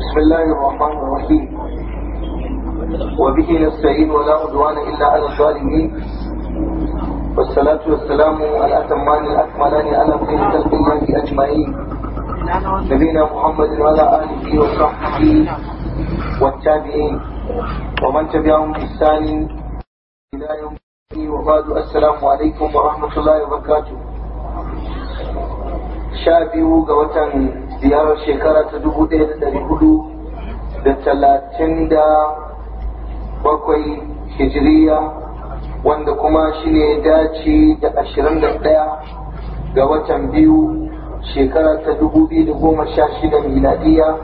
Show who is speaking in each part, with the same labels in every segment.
Speaker 1: بسم الله الرحمن الرحيم وبه نستعين ولا عدوان الا على الظالمين والصلاة والسلام الأتمان الأكملان على خير خلق الله أجمعين نبينا محمد وعلى آله وصحبه والتابعين ومن تبعهم بإحسان إلى يوم الدين وبعد السلام عليكم ورحمة الله وبركاته شابه قوة ziyarar shekara ta dubu ɗaya da ɗari hudu da talatin da bakwai hijiriya wanda kuma ne dace da ashirin da ɗaya ga watan biyu shekara ta dubu biyu da goma sha shida miladiya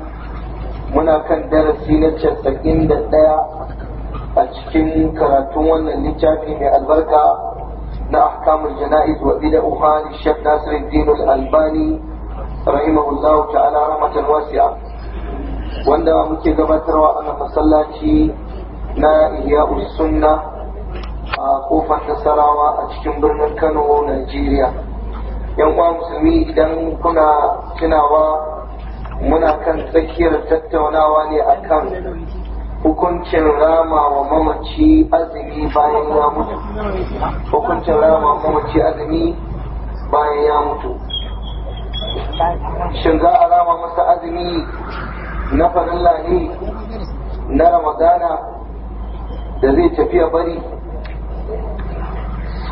Speaker 1: muna kan darasi na casa'in da ɗaya a cikin karatun wannan littafi mai albarka na ahkamul jana'iz wa bida'uha li shek al-albani rahimahullahu ta'ala rahmatan wasi'a wanda muke gabatarwa a masallaci na Ihya sunna a kofar nasarawa a cikin birnin Kano Najeriya yan uwa musulmi idan kuna tunawa muna kan tsakiyar tattaunawa ne akan hukuncin rama wa mamaci azumi bayan ya mutu hukuncin rama mamaci azumi bayan ya mutu shin za a rama masa azumi na farin lahi na ramadana da zai tafiya bari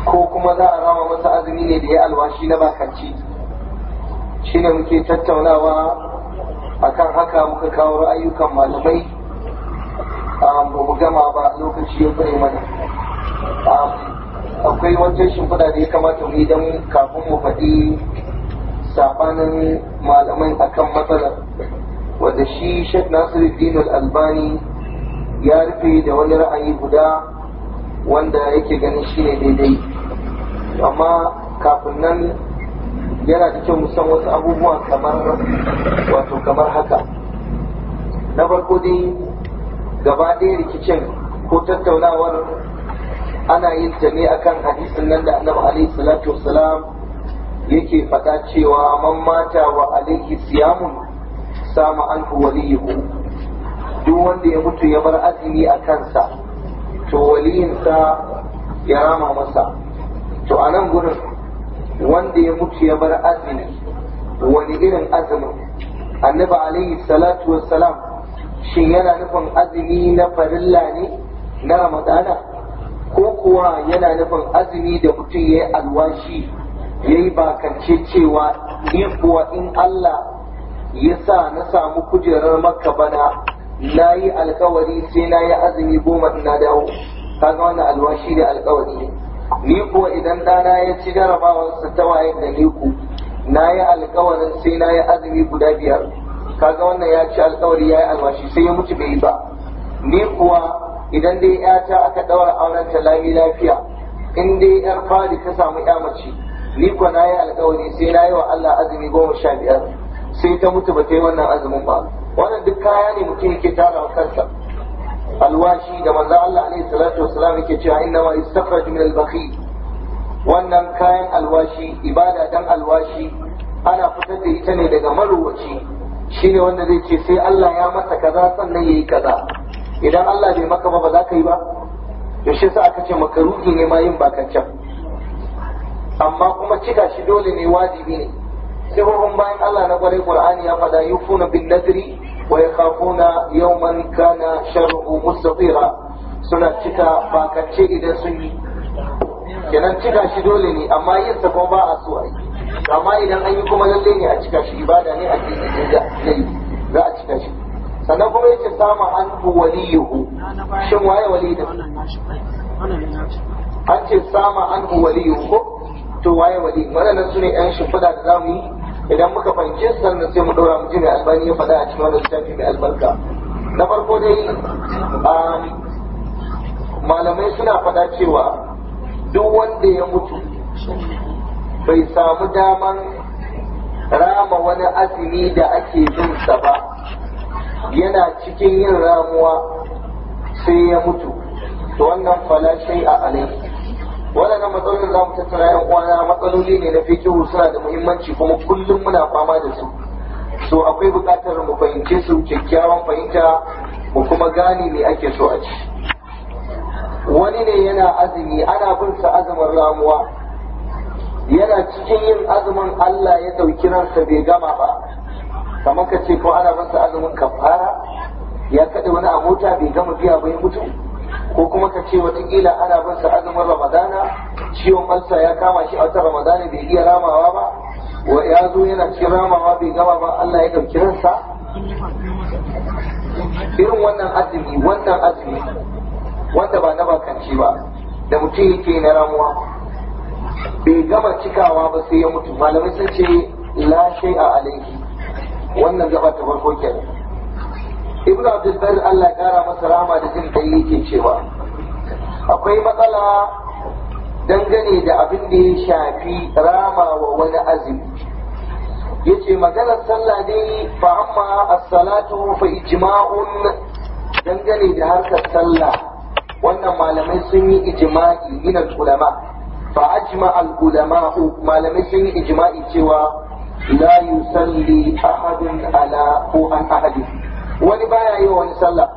Speaker 1: ko kuma za a rama masa azumi ne da ya alwashi na bakanci shi ne muke tattaunawa akan haka muka kawo ra'ayukan malamai a mu gama ba lokaci ya kure mana akwai wancan shimfiɗa da ya kamata mu yi don kafin mu faɗi sabanin malamai akan matsalar wanda shi Sheikh Nasiruddin Al-Albani ya rufe da wani ra'ayi guda wanda yake ganin shi ne daidai amma kafin nan yana da kyau san wasu abubuwa kamar wato kamar haka na farko dai gaba ɗaya rikicin ko tattaunawar ana yin ta ne akan hadisin nan da annabi alaihi salatu wasalam yake faɗa cewa man mata wa alaihi siyamun sama an waliyuhu duk wanda ya mutu ya bar azumi a kansa to waliyinsa ya rama masa to a nan gurin wanda ya mutu ya bar azumi wani irin azumin annabi alaihi salatu wassalam shin yana nufin azumi na farilla ne na ramadana ko kuwa yana nufin azumi da mutum ya yi alwashi yayi bakance cewa ni kuwa in Allah ya sa na samu kujerar makka bana na yi alkawari sai na yi azumi goma ina dawo kaga wannan alwashi da alkawari ni kuwa idan dana ya ci jarabawarsa ta wayen da ni ku na yi alkawarin sai na yi azumi guda biyar kaga wannan ya ci alkawari ya yi alwashi sai ya mutu bai yi ba ni kuwa idan dai 'yata aka ɗaura auren ta lafiya in dai 'yar fari ta samu 'ya mace ni na yi alkawari sai na yi wa Allah azumi goma sha biyar sai ta mutu ba ta yi wannan azumin ba wannan duk kaya ne mutum yake tara wa kansa alwashi da manzo Allah alaihi salatu wasalam yake cewa inna ma istakhraj min al wannan kayan alwashi ibada dan alwashi ana fitar da ita ne daga maruwaci shine wanda zai ce sai Allah ya masa kaza sannan yayi kaza idan Allah bai maka ba ba za ka yi ba yaushe sa aka ce makaruhi ne ma yin can? amma kuma cika shi dole ne wajibi ne sifofin bayan Allah na kwarai Qur'ani ya faɗa yufuna bin nadri wa yakhafuna yawman kana sharruhu mustatira suna cika bakance idan sun yi kenan cika shi dole ne amma yin sa kuma ba a so ai amma idan an yi kuma lalle ne a cika shi ibada ne a cikin da za a cika shi sannan kuma yake sama an waliyuhu shin waye waliyuhu an ce sama an waliyuhu to waye wadi waɗannan su ne yan shimfiɗa da zamu yi idan muka fahimce su sannan sai mu ɗora mu ji mai albani ya faɗa a cikin wannan littafi mai albarka na farko dai malamai suna faɗa cewa duk wanda ya mutu bai samu daman rama wani azumi da ake sa ba yana cikin yin ramuwa sai ya mutu to wannan fala shai a alai waɗannan matsalolin za mu tattara yan uwana matsaloli ne na fikihu suna da muhimmanci kuma kullum muna fama da su so akwai buƙatar mu fahimce su kyakkyawan fahimta mu kuma gane me ake so a ci wani ne yana azumi ana bin sa azumin ramuwa yana cikin yin azumin Allah ya dauki ransa bai gama ba kamar ka ce ko ana bin sa azumin kafara ya kaɗe wani abota bai gama biya ba ya mutu ko kuma ka ce watakila ana bin sa azumin ramadana ciwon alsa ya kama shi a ramadana bai iya ramawa ba wa ya zo yana cikin ramawa bai gama ba Allah ya ɗauki ransa irin wannan azumi wannan azumi wanda ba na bakanci ba da mutum yake na ramuwa bai gama cikawa ba sai ya mutu malamai sun ce la shay a alaihi wannan gaba ta farko kenan ibnu abdul Allah ya masa rama da jin kai yake cewa akwai matsala dangane da abin da ya shafi rama wa wani azumi yace maganar sallah dai fa amma as-salatu fa ijma'un dangane da harkar sallah wannan malamai sun yi ijma'i min ulama fa ajma al-ulama malamai sun yi ijma'i cewa la yusalli ahadun ala ko an ahadin wani baya yi wani sallah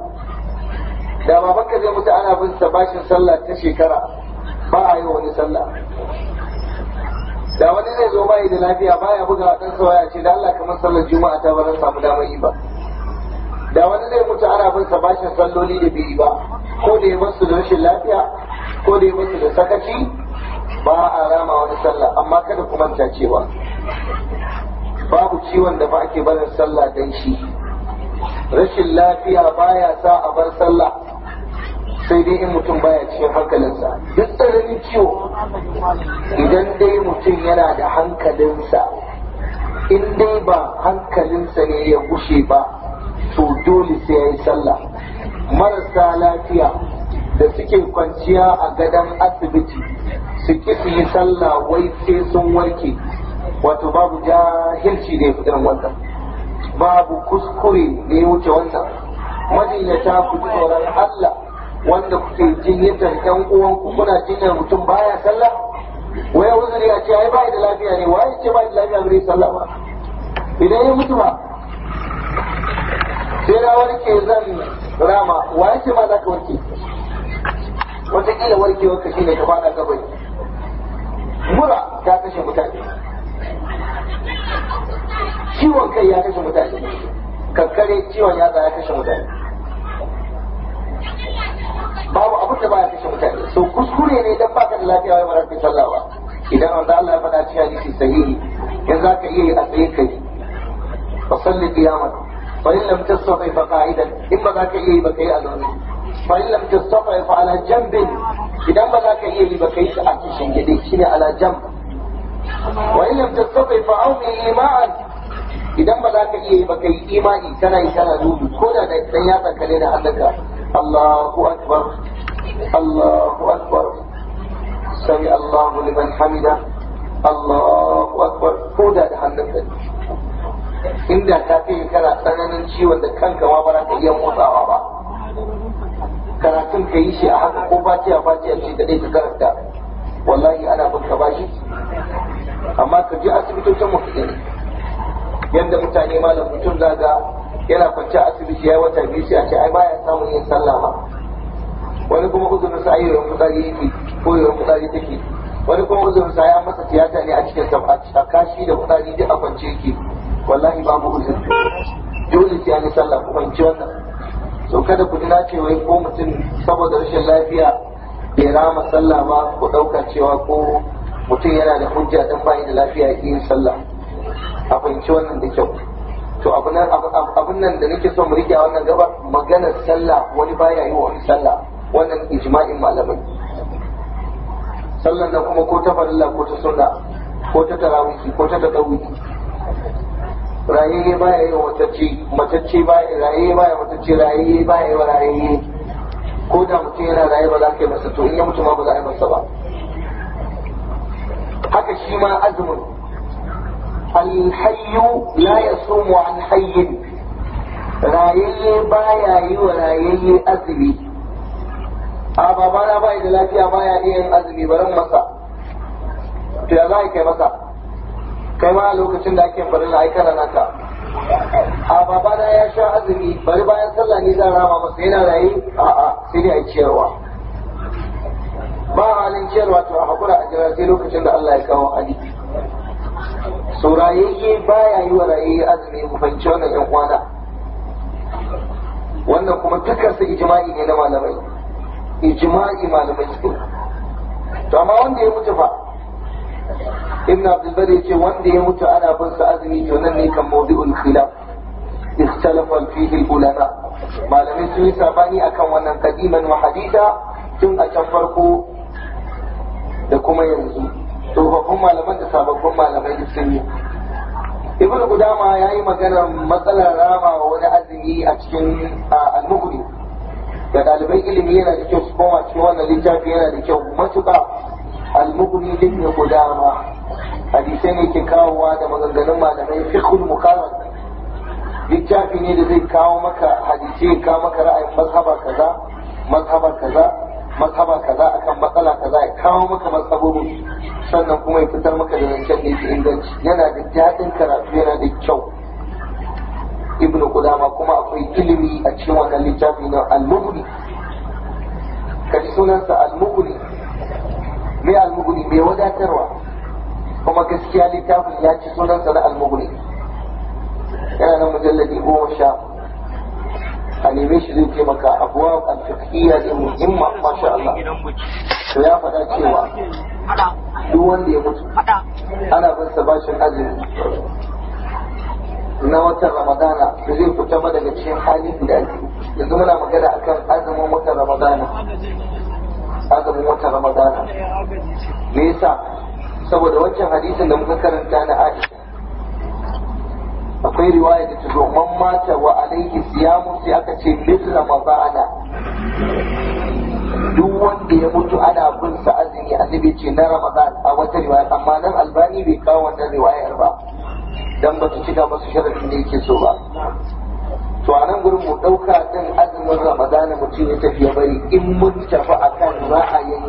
Speaker 1: da babanka zai mutu ana bin sa bashin sallah ta shekara ba a yi wani sallah da wani zai zo bayi da lafiya baya buga dan waya ce da Allah kamar sallar juma'a ta baran samu damar yi ba da wani zai mutu ana bin sa bashin salloli da bai ba ko da ya basu da rashin lafiya ko da ya basu da sakaci ba a rama wani sallah amma kada ku manta cewa babu ciwon da ba ake barin sallah dan shi rashin lafiya baya sa a bar sallah sai dai in mutum baya cikin hankalinsa
Speaker 2: duk tsananin ciwo idan
Speaker 1: dai mutum yana da hankalinsa in dai ba hankalinsa ne ya gushe ba to dole sai ya yi sallah marasa lafiya da suke kwanciya a gadon asibiti su su yi sallah wai sai sun warke wato babu jahilci ne fitar wannan babu kuskure da ya wuce wancan Majinyata ku ji tsoron Allah wanda kuke jinyatar ƴan uwanku kuna jinyar mutum baya sallah waya wuzuri a ce ai bai da lafiya ne waye ce bai da lafiya bai sallah ba idan ya mutu ba sai na warke zan rama waye ce ma za ka warke wataƙila warkewarka shine ka fada gabari mura ta kashe mutane ciwon kai ya kashe mutane kankare ciwon yatsa ya kashe mutane babu abu da ba ya kashe mutane so kuskure ne idan baka da lafiya wai marar kai sallah ba idan wanda Allah ya faɗa cikin hadisi sahihi yanzu za ka iya yi a tsaye kai fa salli qiyamat fa in lam tasfa fa qa'idan in ba za ka iya yi ba kai a zaune fa in lam tasfa fa ala jambin idan ba za ka iya yi ba kai shi a kishin gidi shine ala jambin وإن لم تستطع فأومي إيماء إذا ما ذاك إيه بكي إيماني كان كان دوم كنا نتنيا تكلينا عندك الله أكبر الله أكبر سمع الله لمن حمده الله da كنا عندك inda ka kai kana tsananin ciwon da kanka ma ba za ka iya motsawa ba karatun ka yi shi a haka ko baciya baciya ce da dai ka karanta wallahi ana bin ka bashi amma ka je asibitocin mu gani yadda mutane malam mutum zaga yana kwance asibiti ya wata biyu sai a ce ai baya samun yin sallah ba wani kuma uzurin sa ayyukan fitsari yake ko yawan fitsari take wani kuma uzurin sa ya masa tiyata ne a cikin sa a kashi da fitsari duk a kwance yake wallahi babu uzuri dole sai an sallah ku kwanci wannan to kada ku ce cewa ko mutum saboda rashin lafiya bai rama sallah ba ku ɗauka cewa ko mutum yana da hujja don bai da lafiya yake yin sallah a fahimci wannan da kyau to abun nan da nake son mu rike a wannan gaba maganar sallah wani baya yi wa wani sallah wannan ijma'in malamai sallan nan kuma ko ta farilla ko ta sunna ko ta tarawihi ko ta tadawihi rayayye baya yi wa matacce matacce baya rayayye baya matacce rayayye baya yi wa rayayye ko da mutum yana raye ba za ka yi masa to in ya mutu ma ba za a yi masa ba haka shi ma azumin alhayyu la yasumu an hayyin rayayye baya yi wa rayayye azumi a babana bai da lafiya baya iya yin azumi barin masa to ya za kai masa kai ma lokacin da ake barin ai kana naka a babana ya sha azumi bari bayan sallah ne zan rama masa yana raye a'a sai dai a ciyarwa ba halin ciyarwa to a hakura a jira sai lokacin da Allah ya kawo aliki. hadisi so ba ya yi wa rayayye azumi mu fahimci wannan yan kwana
Speaker 2: wannan kuma takarsa ijma'i ne na malamai
Speaker 1: ijma'i malamai su to amma wanda ya mutu fa ibn abdulbari ya ce wanda ya mutu ana bin sa azumi to nan ne kan mawdu'ul khilaf ikhtalafa fihi al-ulama malamai sun yi sabani akan wannan qadiman wa haditha tun a can farko da kuma yanzu tsofaffin malaman da sababbin malamai da sun yi ibnu gudama ya yi maganar matsalar rama wani azumi a cikin almuhuri da ɗaliban ilimi yana da kyau su koma cikin wannan littafi yana da kyau matuƙa almuhuri ne gudama hadisai ne ke kawowa da maganganun malamai fiqhul muqarrar littafi ne da zai kawo maka hadisai kawo maka ra'ayin mazhabar kaza mazhabar kaza mazhaba kaza akan matsala kaza ya kawo maka mazhabobin sannan kuma ya fitar maka da zancen da fi inganci yana da daɗin karatu yana da kyau ibnu kudama kuma akwai ilimi a cikin wannan littafi na almuguni. Ka ji sunansa almuguni. mai al mai wadatarwa kuma gaskiya littafin ya ci sunansa na almuguri yana nan mujalladi goma sha neme shi zai taimaka abuwa al-fiqhiyya din muhimma masha Allah to ya faɗa cewa duk wanda ya mutu ana bin sa bashin azumi na watan ramadana su zai fita ba daga cikin hali da ake yanzu muna magana akan azumin watan ramadana azumin watan ramadana me yasa saboda wancan hadisin da muka karanta na Aisha akwai riwaya da ta zo mata wa alaihi siyamu sai aka ce mithla mazana duk wanda ya mutu ana bin sa azumi annabi ce na ramadan a wata riwaya amma nan albani bai kawo wannan riwayar ba dan ba su cika masu sharadin da yake so ba to a nan gurin mu dauka din azumin ramadana mutum ya tafi ya bari in mun tafi akan ra'ayin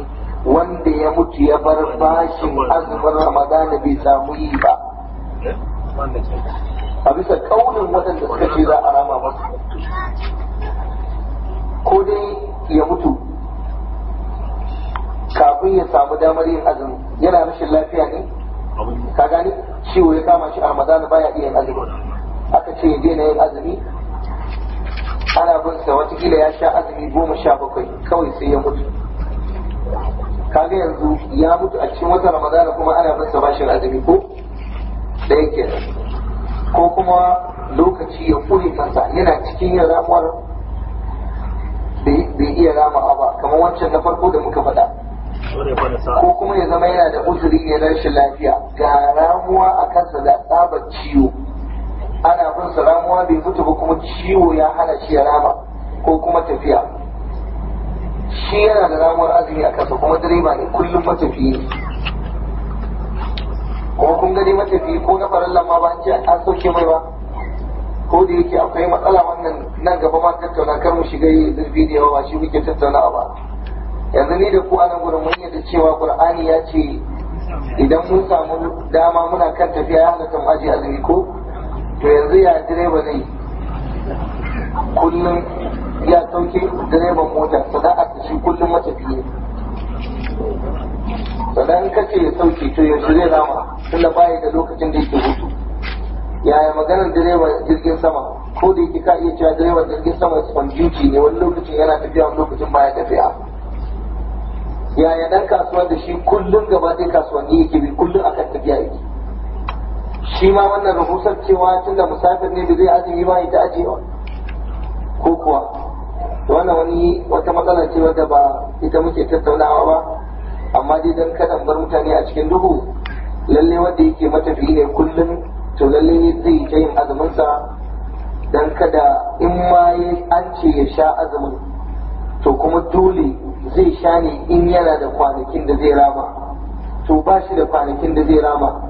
Speaker 1: wanda ya mutu ya bar bashin azumin ramadana bai samu yi ba a bisa kaunin waɗanda suka ce za a rama masu ko dai ya mutu kafin ya samu damar yin azumi yana rashin lafiya ne ka gani ciwo ya kama shi a ramadana baya iya yin azumi aka ce ya daina yin azumi ana bin sa watakila ya sha azumi goma sha bakwai kawai sai ya mutu kaga yanzu ya mutu a cikin wata ramadana kuma ana bin sa bashin azumi ko da yake ko kuma lokaci ya kure kansa yana cikin yin ramuwar bai iya ramawa ba kamar wancan na farko da muka faɗa ko kuma ya zama yana da uzuri ya rashin lafiya ga ramuwa a kansa da tsabar ciwo ana bin sa ramuwa bai mutu ba kuma ciwo ya hana shi ya rama ko kuma tafiya shi yana da ramuwar azumi a kansa kuma direba ne kullum matafiye kuma kun gani matafi ko na farallan ma ba an ce an sauke mai ba ko da yake akwai matsala wannan nan gaba ma tattauna kar mu shiga yi zurfi da yawa shi muke tattauna ba yanzu ni da ku a nan gurin mun yadda cewa qur'ani ya ce idan mun samu dama muna kan tafiya ya halatta mu aje azumi ko to yanzu ya direba zai kullum ya sauke direban mota sana'a shi kullum sannan ka ce ya sauke to yaushe zai rama tunda baya da lokacin da yake hutu yaya maganar direban jirgin sama ko da yake ka iya cewa direban jirgin sama on duty ne wani lokacin yana tafiya wani lokacin baya tafiya yaya dan kasuwa da shi kullum gaba ɗaya kasuwanni yake bi kullum akan tafiya yake shi ma wannan rahusar cewa tun da musafir ne da zai azumi ba ta ajiyewa ko kuwa wannan wani wata matsala ce wadda ba ita muke tattaunawa ba amma dai don kada bar mutane a cikin duhu lalle wanda yake matafi ne kullum to lalle zai ta yin azuminsa don kada in ma an ce ya sha azumin to kuma dole zai sha ne in yana da kwanakin da zai rama to ba shi da kwanakin da zai rama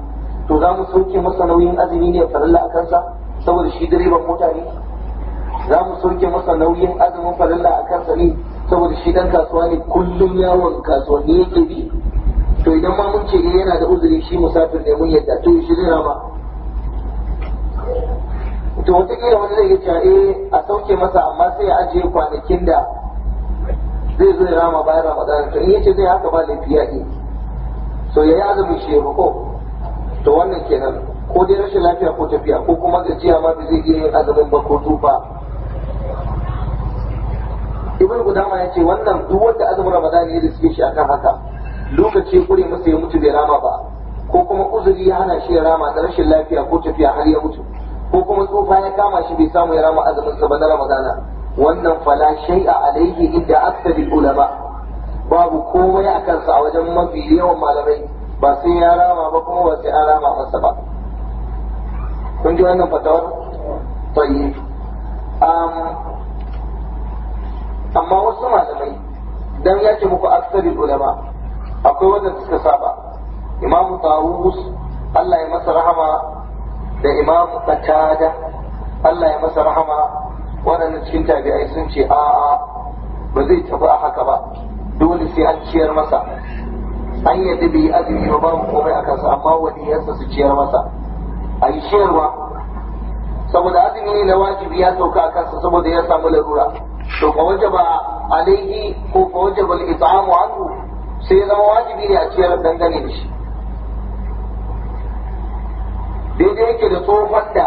Speaker 1: to za mu sauke masa nauyin azumi ne farilla a kansa saboda shi direban mota ne za mu sauke masa nauyin azumin farilla a kansa ne saboda shi dan kasuwa ne kullum yawon kasuwanni yake bi to idan ma mun ce eh yana da uzuri shi musafir ne mun yadda to shi zai rama to kira wani zai yace eh a sauke masa amma sai ya ajiye kwanakin da zai zo ya rama bayan ramadan to in yace zai haka ba lafiya ne so ya yi shi ko to wannan kenan ko dai rashin lafiya ko tafiya ko kuma gajiya ma bai zai iya azumin ba ko tufa ibn gudama ya ce wannan duk wanda azumin ramadan ya riske shi akan haka lokaci kure masa ya mutu bai rama ba ko kuma uzuri ya hana shi ya rama da rashin lafiya ko tafiya har ya mutu ko kuma tsufa ya kama shi bai samu ya rama azumin sa ba na ramadana wannan fala shay'a Alayhi inda aksabil ulama babu komai a kansa a wajen mafi yawan malamai ba sai ya rama ba kuma ba sai an rama masa ba kun ji wannan fatawar tayyib amma wasu malamai dan ya ce muku aksarin ulama akwai wajen suka saba imamu tawus Allah ya masa rahama da imamu qatada Allah ya masa rahama waɗanda cikin tabi'ai sun ce a'a ba zai tafi a haka ba dole sai an ciyar masa an yadda bai azumi ba babu komai a kansa amma waliyarsa su ciyar masa a yi ciyarwa saboda azumi ne na wajibi ya sauka kansa saboda ya samu larura to waje wajaba alaihi ko fa wajaba al-it'amu anhu sai zama wajibi ne a ciyar dangane da shi daidai yake da tsohon da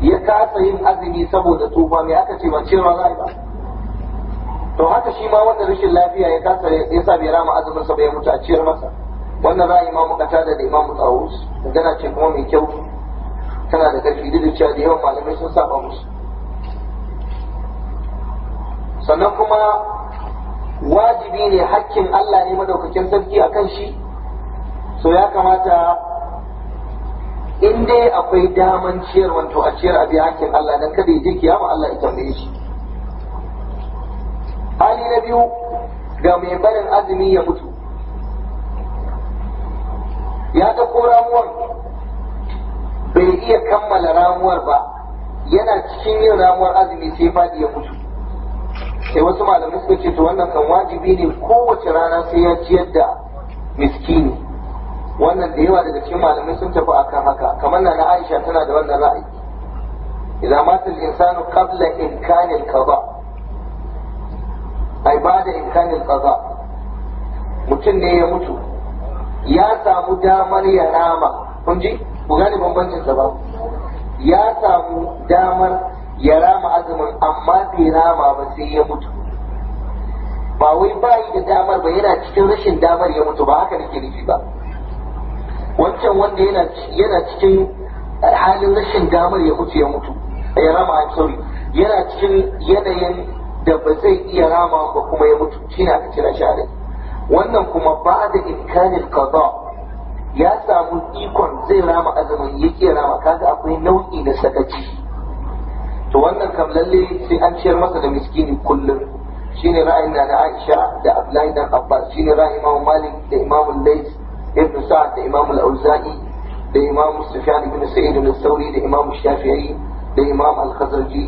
Speaker 1: ya kasa yin azumi saboda tsufa mai aka ce ban cewa za ba to haka shi ma wanda rashin lafiya ya kasa ya sa bai rama azumin sa bai mutu a ciyar masa wannan ra'ayi ma mu tada da imamu tsawus magana ce kuma mai kyau tana da ƙarfi duk da cewa da yawan malamai sun saba musu sannan kuma wajibi ne hakkin Allah ne madaukakin sarki a kan shi so ya kamata in dai akwai daman ciyar wanto a ciyar abi hakkin Allah dan kada ya je kiyama Allah ya tambaye shi hali na biyu ga mai barin azumi ya mutu ya ta kora bai iya kammala ramuwar ba yana cikin yin ramuwar azumi sai faɗi ya mutu sai wasu malamai suka ce to wannan kan wajibi ne kowace rana sai ya ciyar da miskini wannan da yawa daga cikin malamai sun tafi akan haka kamar na na Aisha tana da wannan ra'ayi idan mata insanu qabla imkanil qada ai ba da imkanil qada mutum ne ya mutu ya samu damar ya rama kun ji ku gane bambancin sa ba ya samu damar ya rama azumin amma bai rama ba sai ya mutu ba wai bayi da damar ba yana cikin rashin damar ya mutu ba haka nake nufi ba wancan wanda yana cikin halin rashin damar ya mutu ya mutu ya rama sauri yana cikin yanayin da ba zai iya rama ba kuma ya mutu shi na kira shi wannan kuma ba da imkanin kaza ya samu ikon zai rama azumin yake rama kaga akwai nau'i na sakaci to wannan kam lalle sai an ciyar masa da miskini kullum shine ra'ayin na na Aisha da Abdullahi dan Abbas shine ra'ayin Imam Malik da Imam Lays ibn Sa'ad da Imam Al-Auza'i da Imam Sufyan ibn Sa'id ibn thawri da Imam Shafi'i da Imam Al-Khazraji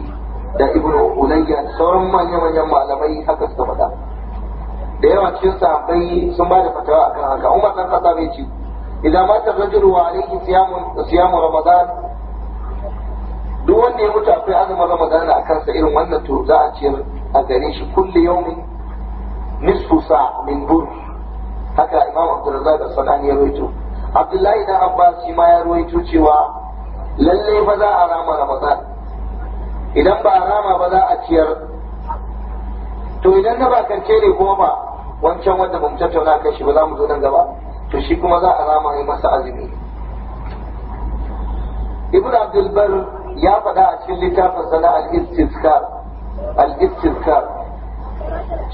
Speaker 1: da Ibn Ulayya sauran manyan manyan malamai haka suka faɗa da yawa cikin sahabbai sun ba da fatawa akan haka Umar dan Khattab ya ce إذا مات الرجل وعليه صيام صيام رمضان duk wanda ya mutu akwai azumin ramadan a kansa irin wannan to za a ciyar a gare shi kulli yawmin nisfu sa min bur haka imam abdurrazzaq da sanani ya rawaito abdullahi dan abbas shi ma ya rawaito cewa lalle ba za a rama ramadan idan ba a rama ba za a ciyar to idan na ba bakance ne kuma ba wancan wanda bamu tattauna kai shi ba za mu zo nan gaba to shi kuma za a rama yi masa azumi ibn abdul ya faɗa a cikin littafin sana al-istizkar al-istizkar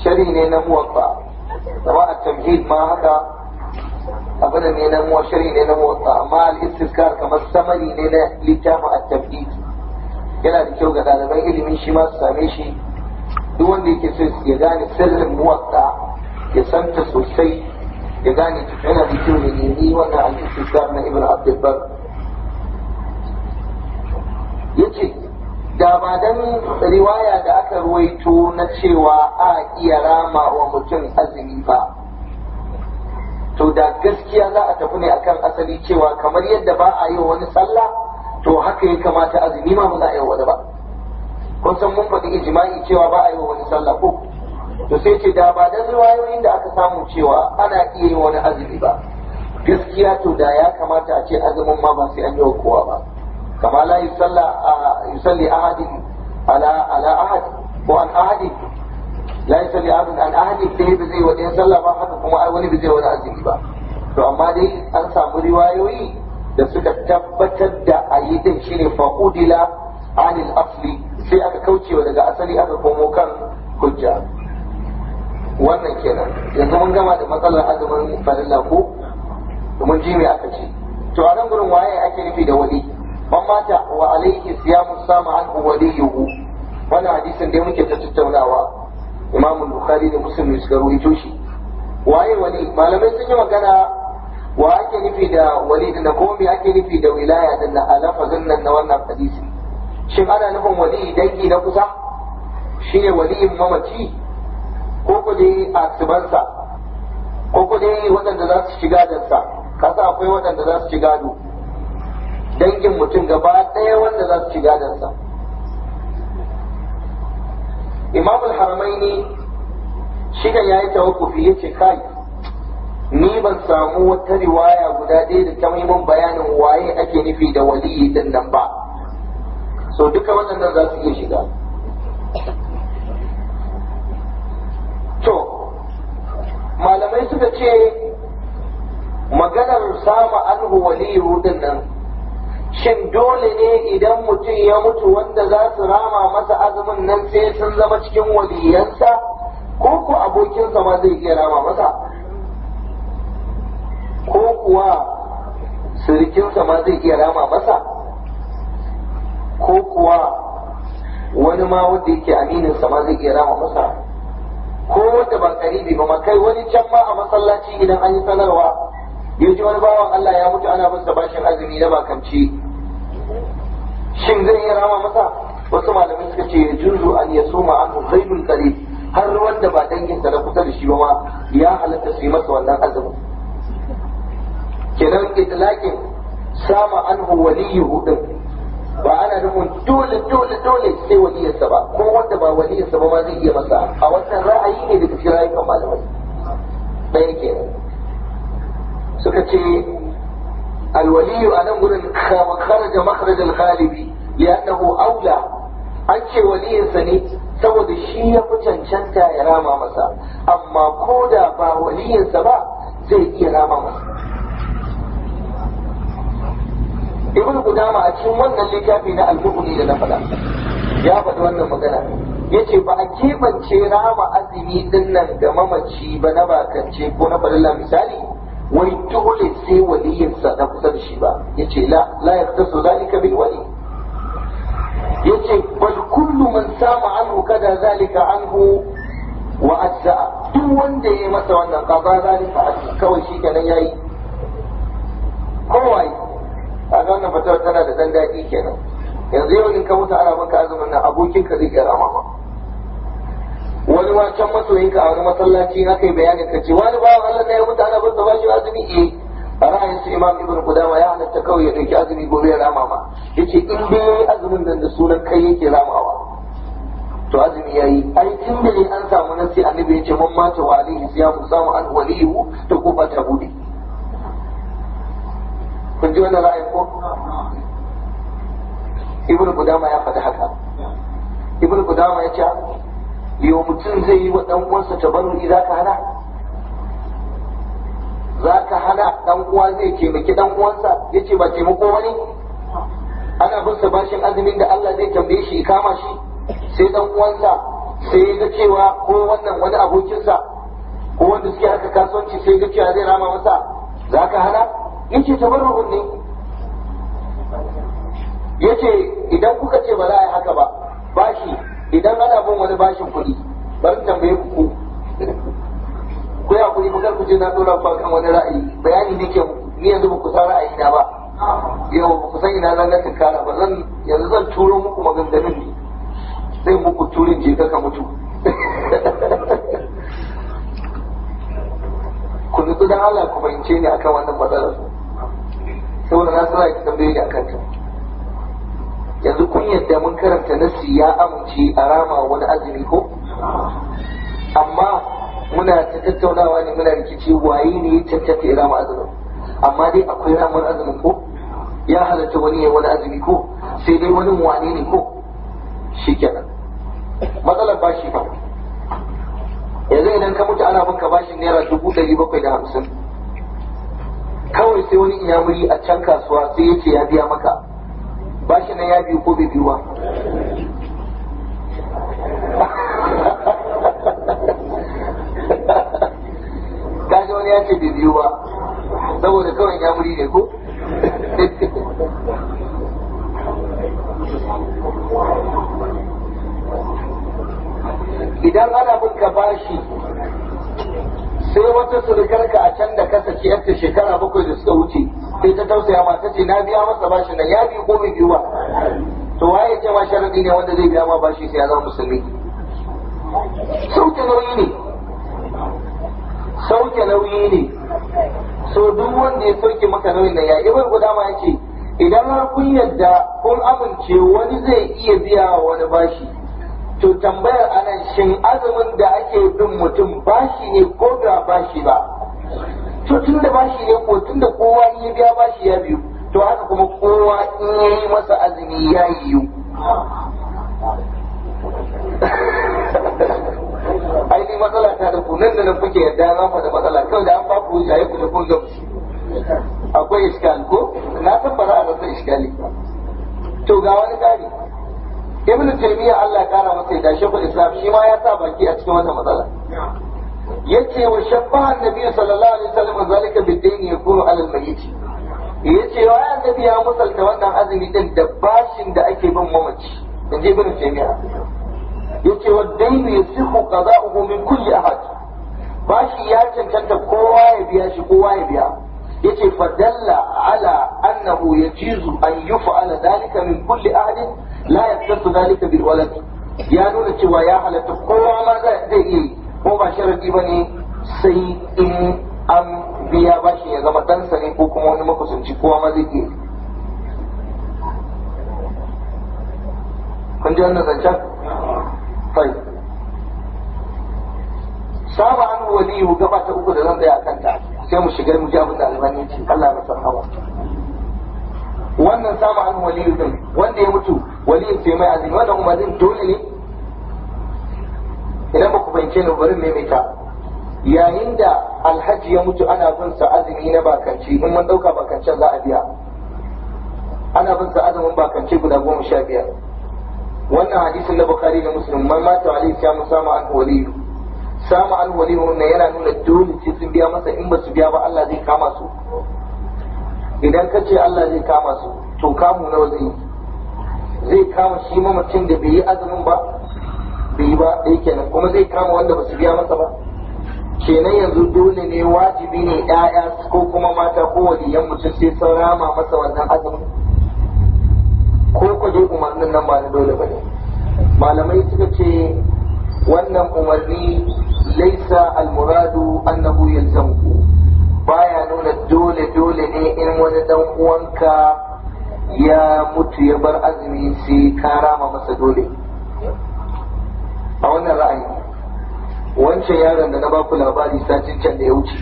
Speaker 1: shari ne na muwaffa kama a tamhid ma haka abin ne na muwa shari ne na muwaffa amma al-istizkar kamar samari ne na littafin at-tamhid yana da kyau ga ɗaliban ilimin shi ma su same shi duk wanda yake so ya gane sirrin muwaffa ya santa sosai لذلك هنا في كونه لي وقع الاستفسار من ابن عبد البر يجي da ba dan riwaya da aka ruwaito na cewa a iya rama wa mutum azumi ba to da gaskiya za a tafi ne akan asali cewa kamar yadda ba a yi wa wani sallah to haka ya kamata azumi ma ba za a yi wa wani ba kun san mun faɗi ijma'i cewa ba a yi wa wani sallah ko to sai ce da ba dan riwayoyin da aka samu cewa ana iya yin wani azumi ba gaskiya to da ya kamata a ce azumin ma ba sai an yi kowa ba kama la yusalla yusalli ahadin ala ala ahad ko an ahadin la yusalli ahadin an ahadin sai ba zai wani sallah ba haka kuma ai wani ba zai wani azumi ba to amma dai an samu riwayoyi da suka tabbatar da a yi din shine fa'udila anil asli sai aka kaucewa daga asali aka komo kan hujja wannan kenan yanzu mun gama da matsalar azumin farilla ko mun ji mai aka ce to a nan gurin waye ake nufi da wali ban mata wa alaihi siyamu sama an waliyuhu wannan hadisin da muke ta tattaunawa imam bukhari da muslim ne suka rawaito shi waye wali malamai sun yi magana wa ake nufi da wali din da kuma me ake nufi da wilaya din da alafa nan na wannan hadisi shin ana nufin wali dangi na kusa shine wali mamaci ko ku a tibansa ko ku waɗanda za su shiga da sa, kasa akwai waɗanda za su shiga da dangin mutum gaba ɗaya wanda za su shiga da dansa imamul haramaini shi kan yayi tawakkufi yace kai ni ban samu wata riwaya guda ɗaya da ta min bayanin waye ake nufi da waliyi din nan ba so duka waɗannan za su iya shiga malamai suka ce maganar sama alhu waliyu din nan shin dole ne idan mutum ya mutu wanda za su rama masa azumin nan sai sun zama cikin waliyansa ko ku abokinsa ma zai iya rama masa ko kuwa sirikinsa ma zai iya rama masa ko kuwa wani ma wanda yake aminin sa ma zai iya rama masa ko wanda ba karibi ba kai wani can ma a masallaci idan an yi sanarwa ya ji wani bawan Allah ya mutu ana masa bashin azumi na bakanci shin zai iya rama masa wasu malamai suka ce ya juzu an ya soma an zaidul qarib har wanda ba danginsa na kusa da shi ba ma ya halatta su yi masa wannan azumi. kenan itlaqin sama anhu waliyuhu din ba ana nufin dole dole dole sai waliyarsa ba ko wanda ba waliyarsa ba ma zai iya masa a wannan ra'ayi ne daga cikin rayukan malamai ɗaya ke suka ce alwaliyu a nan gurin kharaja galibi ya li'annahu aula an ce waliyinsa ne saboda shi ya fi cancanta ya rama masa amma ko da ba waliyarsa ba zai iya rama masa ibn qudama a cikin wannan littafi na al-bukhari da na faɗa ya faɗi wannan magana yace ba a kebance rama azumi din nan ga mamaci ba na bakance ko na farilla misali wai dole sai waliyinsa na kusa da shi ba yace la la yaktasu zalika bil wali yace bal kullu man sama anhu kada zalika anhu wa azza duk wanda ya masa wannan kaza zalika kawai shi kenan yayi Kowa. kaga wannan fatawar tana da dan daɗi kenan yanzu yau in ka mutu ana maka azumin nan abokin ka zai iya rama wani ma can masoyinka a wani masallaci na kai bayanin ka ce wani bawan Allah ne ya mutu ana bin sa azumi eh a ra'ayin su imam ibn qudama ya halatta kawai ya dauki azumi gobe ya rama ma yace in dai azumin nan da sunan kai yake ramawa to azumi yayi ai tun da an samu nasi annabi ce ya mata wa ta siyamu samu al musamman to ko ba ta bude kun ji wannan ra'ayin ko ibn qudama ya faɗi haka ibn qudama ya ce yau mutum zai yi wa dan uwansa za ka hana zaka hana dan uwa zai taimaki dan uwansa yace ba taimako wani ana bin sa bashin azumin da Allah zai tambaye shi kama shi sai dan uwansa sai ga cewa ko wannan wani abokinsa ko wanda suke haka kasuwanci sai ga cewa zai rama masa zaka hana yace tabarru'un ne yace idan kuka ce ba za a yi haka ba bashi idan ana bin wani bashin kuɗi bari tambaye ku ku ku ya kuɗi kuka ku je na dora ku kan wani ra'ayi bayani ne ke ni yanzu ba ku san ra'ayi na ba yau ba ku san ina zan ga kara ba zan yanzu zan turo muku maganganun ne zai muku turin je ka mutu ku nutsu ala Allah ku fahimce ni akan wannan matsalar saboda na zuwa ya tambaye da akan ta yanzu kun yadda mun karanta nasi ya amince a rama wani azumi ko amma muna ta tattaunawa ne muna rikici waye ne ya tattata ya rama azumin amma dai akwai ramar azumin ko ya halatta wani ya wani azumi ko sai dai wani wane ne ko shi kenan matsalar bashi ba yanzu idan ka mutu ana maka bashin naira dubu ɗari bakwai da hamsin kawai sai wani wuri a can kasuwa sai yake ya biya maka ba shi nan ya biyu ko bai biyu ba kaji wani ya ce bai biyu ba saboda kawai wuri ne ko idan ana bin ka bashi sai wata ka a can da kasa ce yadda shekara bakwai da suka wuce sai ta tausaya ma ta ce na biya masa bashin nan ya bi ko mai biyu ba to waye ce ma sharadi ne wanda zai biya ma bashi sai ya zama musulmi
Speaker 2: sauke nauyi ne
Speaker 1: sauke nauyi ne so duk wanda ya sauke maka nauyin nan ya bai guda ma ce idan har kun yadda kun amince wani zai iya biya wani bashi to tambayar anan shin azumin da ake bin mutum bashi ne ko da bashi ba to tun da bashi ne ko tun da kowa ya biya bashi ya biyu to haka kuma kowa in ya yi masa azumi ya yi yiwu ainihin matsala ta da ku nan da nan kuke yadda ya za da matsala kawai da an ba ku jaye ku da kun gamsu akwai iskali ko na tabbara a rasa iskali to ga wani gari ibn taymiya Allah kara masa da shekul islam shi ma ya sa baki a cikin wannan matsala yace wa shabbaha annabi sallallahu alaihi wasallam zalika bid-dayn yakunu ala al-mayyit yace wa annabi ya musalta wannan azumi din da bashin da ake bin mamaci inji ibn taymiya yace wa dayn yasihu qada'uhu min kulli ahad bashi ya cancanta kowa ya biya shi kowa ya biya yace fadalla ala annahu yajizu an yuf'ala dhalika min kulli ahadin la yaqtadu zalika bil walad ya nuna cewa ya halatta kowa ma za zai yi ko ba sharadi bane sai in an biya bashi ya zama ɗansa ne ko kuma wani makusanci kowa ma zai iya kun ji wannan zancen? fai saba an waliyu gaba ta uku da zan a kanta sai mu shigar mu ji abin da almanin Allah ya san hawa wannan sama an waliyu din wanda ya mutu waliyu sai mai azumi wannan umarnin dole ne idan ba ku fahimce ni bari maimaita yayin da alhaji ya mutu ana bin sa azumi na bakanci in mun dauka bakancen za a biya ana bin sa azumin bakanci guda goma sha biyar wannan hadisin na bukari da muslim man mata alayhi samu sama an waliyu sama an waliyu ne yana nuna dole sai sun biya masa in ba su biya ba Allah zai kama su idan ka ce Allah zai kama su to kamu nawa zai zai kama shi mamacin da bai yi azumin ba bai yi ba ɗaya kenan kuma zai kama wanda ba su biya masa ba kenan yanzu dole ne wajibi ne 'ya'ya ko kuma mata ko 'yan mutum sai sun rama masa wannan azumin ko ku dai umarnin nan ba na dole ba ne malamai suka ce wannan umarni laisa almuradu annahu yalzamu baya nuna dole dole ne in wani dan uwanka ya mutu ya bar azumi sai ka rama masa dole a wannan ra'ayi wancan yaron da na baku labari satin can da ya wuce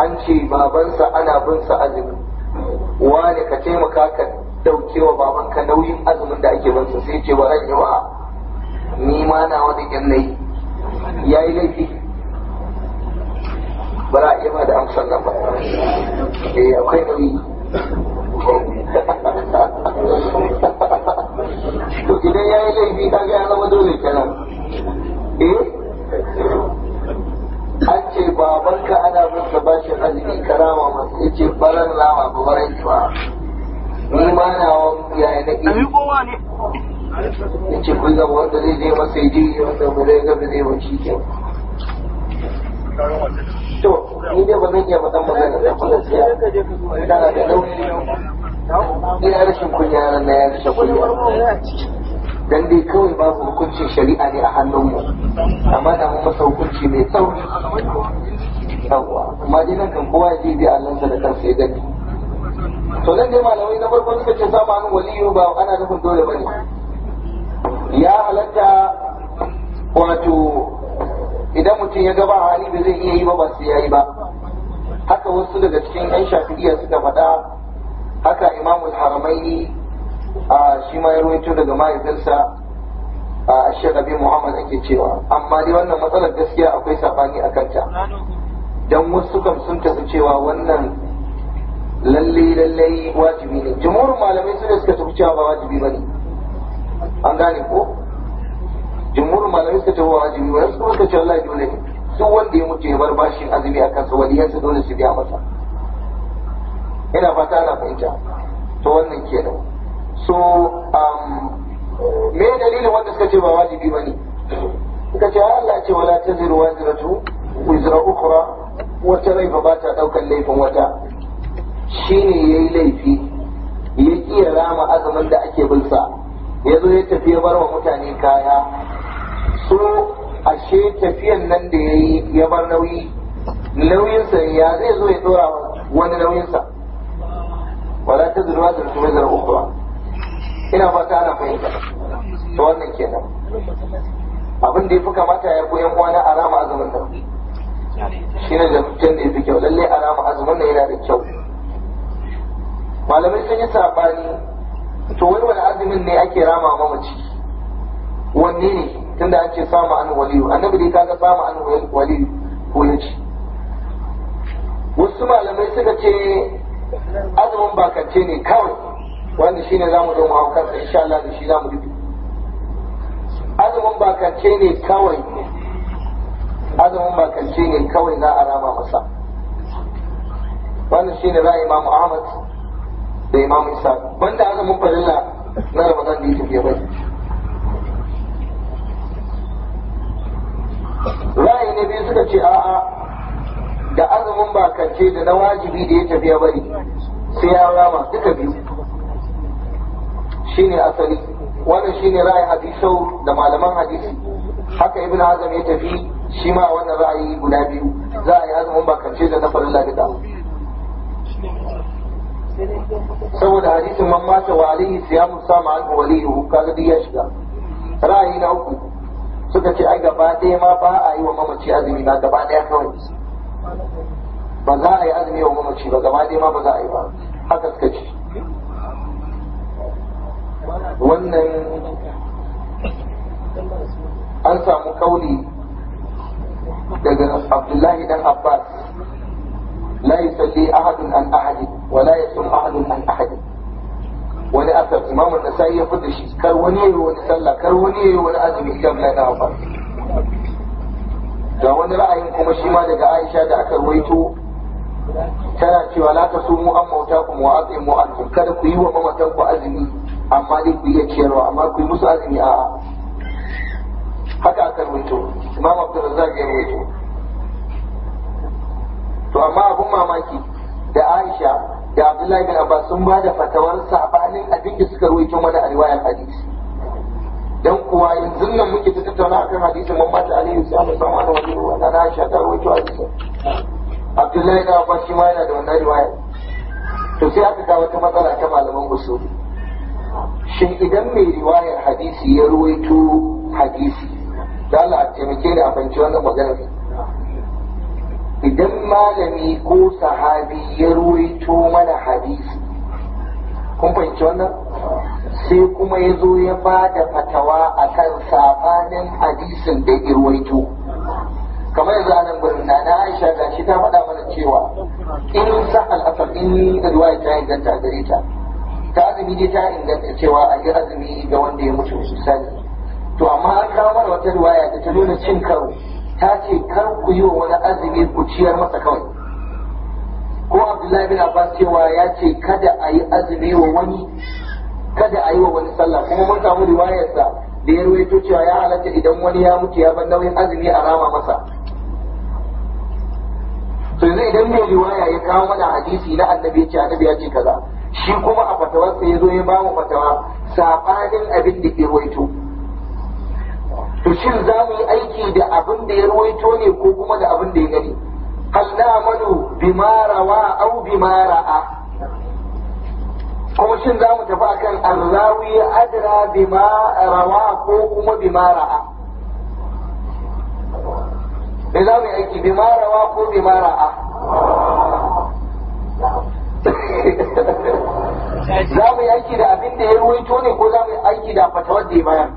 Speaker 1: an ce babansa ana bin sa azumi wani ka taimaka ka dauke wa babanka nauyin azumin da ake bansa sai ce ba ran yi ba ni ma na wani gannai ya yi laifi ba za a iya ba da amsar nan ba E, akwai nauyi to idan ya yi laifi ta ga ya zama dole kenan eh an ce babanka ana masa bashin arziki karama masu ya ce baran lama ba baran ba
Speaker 2: ni ma na wa yaya na ƙi
Speaker 1: ya ce kun zama wanda zai je masa ya je masa mu zai gaba zai wuce cikin. to ni da
Speaker 2: da ya kunya na ya kunya
Speaker 1: dan dai kawai babu hukuncin shari'a ne a hannunmu amma da mun masa hukunci mai tsauri yawwa amma dai nan kan kowa ya je bi Allahnsa da kansa ya gani to nan dai malamai na farko suka ce samu ma'anin waliyu ba ana nufin dole bane ya halatta wato idan mutum ya gaba hali ba zai iya yi ba ba sai yi ba haka wasu daga cikin yan shafi'iyya suka faɗa haka imamu haramaini a shi ma ya rawaito daga mahaifinsa a shagabi muhammad ake cewa amma dai wannan matsalar gaskiya akwai sabani a kanta Don wasu kam sun tafi cewa wannan lalle lalle wajibi ne jimurin malamai su ne suka tafi cewa ba wajibi ba ne. an gane ko jumhur malamai suka ce wa wajibi wa su suka ce wallahi dole ne Su wanda ya mutu ya bar bashin azumi a akan su waliyansa dole su biya masa ina fata ana fahimta to wannan kenan so um, me dalilin wanda suka ce ba wajibi ba ne suka ce Allah ce wala taziru waziratu wizra ukhra wata laifa ba ta daukan laifin wata shine yayi laifi ya kiyara rama azumin da ake bulsa ya zo ya tafi ya bar wa mutane kaya so ashe tafiyan nan da ya yi ya bar nauyi nauyinsa ya zai zo ya dora wani nauyinsa wala ta zurwa da su mai ukura ina fata ana fahimta to wannan kenan abin da ya fi kamata ya koyan uwa na arama azumin nan shi ne da mutum da ya fi kyau lallai arama azumin nan yana da kyau malamai sun yi saɓani to wani wani azumin ne ake rama mamaci wanne ne tunda an ce sama an waliyu annabi dai kaga sama an waliyu ko ya ci wasu malamai suka ce azumin bakance ne kawai wanda shine za mu zo mu hau kansa insha Allah da shi za mu rufe azumin bakance ne kawai azumin bakance ne kawai za a rama masa wannan shine ra'ayi Imam Ahmad da Imam Isa banda azumin farilla na Ramadan da yake bai
Speaker 2: ra'ayi
Speaker 1: ne biyu suka ce a'a da azumin bakance da na wajibi da ya tafiya bari sai ya rama duka biyu shine asali wannan shine ra'ayi hadisau da malaman hadisi haka ibn azam ya tafi shi ma wannan ra'ayi guda biyu za a yi azumin bakance da na farilla duka
Speaker 2: saboda hadisin man
Speaker 1: mata wa alaihi siyamu sama an waliyuhu kaga duk ya shiga ra'ayi na uku suka ce ai gaba ɗaya ma ba a yi wa mamaci azumi ba gaba ɗaya kawai ba za a yi azumi wa mamaci ba gaba ɗaya ma ba za a yi ba haka suka ce wannan an samu kauli daga abdullahi dan abbas la yusalli ahadun an ahadin wa la yasum ahadun an haka imamu da sai ya fita shi kar wani yayi wani sallah kar wani yayi wani azumi idan la na ba da wani ra'ayin kuma shi ma daga Aisha da aka ruwaito tana cewa la tasumu an mautakum wa azimu an kada ku yi wa mamatan ku azumi amma dai ku iya ciyarwa amma ku yi musu azumi a haka aka ruwaito imam abdurrazzaq ya ruwaito to amma abun mamaki da Aisha da Abdullahi bin Abbas sun ba da fatawar sabanin abin da suka ruwaito mana a riwayar hadisi dan kuwa yanzu nan muke ta tattauna akan hadisin mun bata aliyu sai mu samu wa wani wani na Aisha ta a hadisin Abdullahi bin Abbas shi ma yana da wannan riwaya to sai aka ga wata matsala ta malaman usuli shin idan mai riwayar hadisi ya ruwaito hadisi da Allah a taimake ni a fahimci wannan maganar idan malami ko sahabi ya ruwaito mana hadisi kun fahimci wannan sai kuma ya zo ya ba da fatawa a kan sabanin hadisin da ya ruwaito kamar yanzu anan gurin na na aisha ga shi ta faɗa mana cewa in sa al'asar in ruwa ta inganta gare ta ta azumi ne ta inganta cewa a yi azumi ga wanda ya mutu misali to amma an kawo mana wata ruwaya da ta nuna cin karo ta ce kar ku yi wa wani azumi ku ciyar masa kawai ko abdullahi bin abbas cewa ya ce kada a yi azumi wa wani kada a yi wa wani sallah kuma mun samu riwayarsa da ya ruwaito cewa ya halatta idan wani ya mutu ya bar nauyin azumi a rama masa to yanzu idan mai riwaya ya kawo mana hadisi na annabi ce annabi ya ce kaza shi kuma a fatawarsa ya zo ya ba fatawa sabanin abin da ke ruwaito to shin za mu yi aiki da abin da ya ruwaito ne ko kuma da abin da ya gani hal na'malu bima rawa aw bima ra'a kuma shin za mu tafi akan arrawi adra bima rawa ko kuma bima ra'a me za mu yi aiki bima rawa ko bima ra'a za
Speaker 2: mu yi aiki da abin da ya
Speaker 1: ruwaito ne ko za mu yi aiki da fatawar da ya bayar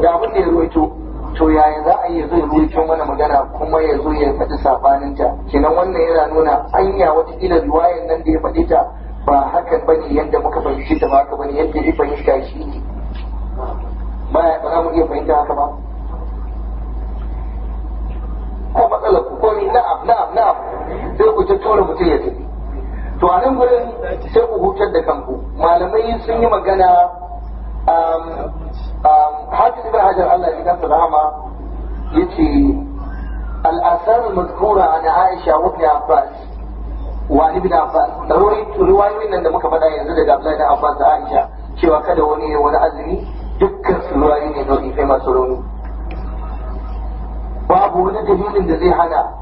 Speaker 1: da abin da ya ruwaito to yaya za a yi zo ya ruwaito mana magana kuma ya zo ya faɗi sabaninta kenan wannan yana nuna anya watakila riwayar nan da ya faɗi ta ba hakan bane yadda muka fahimci ta ba haka bane yadda ya fahimta shi ne ba za mu iya fahimta haka ba Ko matsalar ku ni na'am na'am na'am sai ku ta tura mutum ya tafi to a nan gurin sai ku hutar da kanku malamai sun yi magana um, حاجز ابن حجر الله في يجزاه الرحمة يتي الأثار المذكورة عن عائشة وابن عباس وعن ابن عباس ضروري رواية من أن مكبدا ينزل قبل أن عباس عائشة شو كذا وني ولا أزمي دكر رواية من نوعي فيما سلوني babu wani dalilin da zai hana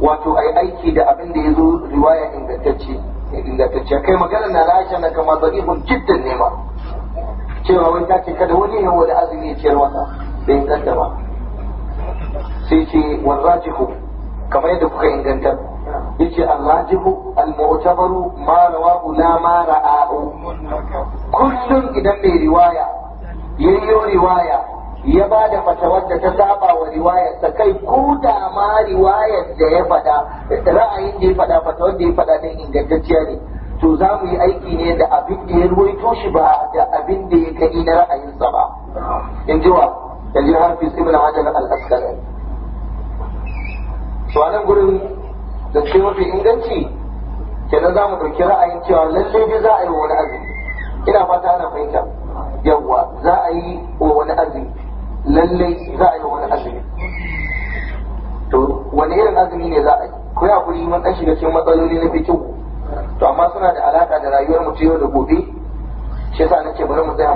Speaker 1: wato ai aiki da abin da ya zo riwaya ingantacce ingantacce kai magana na Aisha na kama zarihun jiddan ne cewa wai ta ce kada wani yawo da azumi ya ciyar wata bai inganta ba sai ce warrajihu kamar yadda kuka inganta yace arrajihu almu'tabaru ma rawahu la ma ra'a'u kullum idan mai riwaya ya yayyo riwaya ya ba da fata da ta saba wa sa kai ko da ma riwayar da ya faɗa ra'ayin da ya faɗa fata da ya faɗa din ingantacciya ne to za mu yi aiki ne da abin da ya ruwaito shi ba da abin da ya kai na ra'ayinsa ba in ji wa yanzu har fi sibin hajar al'askar Su a nan gurin da ce mafi inganci kenan za mu ɗauki ra'ayin cewa lallai dai za a yi wa wani azumi ina fata ana fahimta yawwa za a yi wa wani azumi lallai za a yi wa wani azumi to wani irin azumi ne za a yi ko ya kuri mun ɗan shiga cikin matsaloli na fikin to amma suna da alaka da rayuwar mu yau da gobe shi yasa nake bari mu tsaya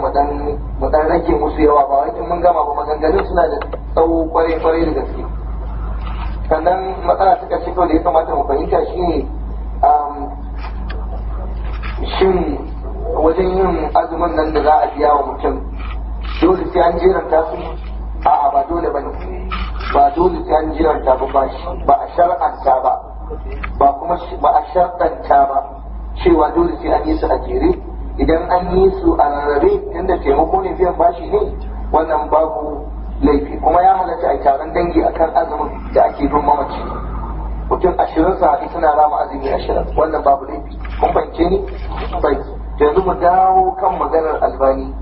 Speaker 1: mu dan rage musu yawa ba wai mun gama ba maganganun suna da tsawo kwarai kwarai da gaske sannan matsala suka ce kawai da ya kamata mu fahimta shine um, shin wajen yin azumin nan da za a biya wa mutum dole sai an jeranta su a'a ba dole ba ne ba dole ta an jiranta ba ba a shar'anta ba ba kuma ba a shar'anta ba cewa dole sai an yi su a jere idan an yi su a rarrabe inda taimako ne biyan bashi ne wannan babu laifi kuma ya halatta a taron dangi akan azumin da ake don mamaci mutum ashirin sahabi suna rama azumi ashirin wannan babu laifi kun fahimce ni bai yanzu mu dawo kan maganar albani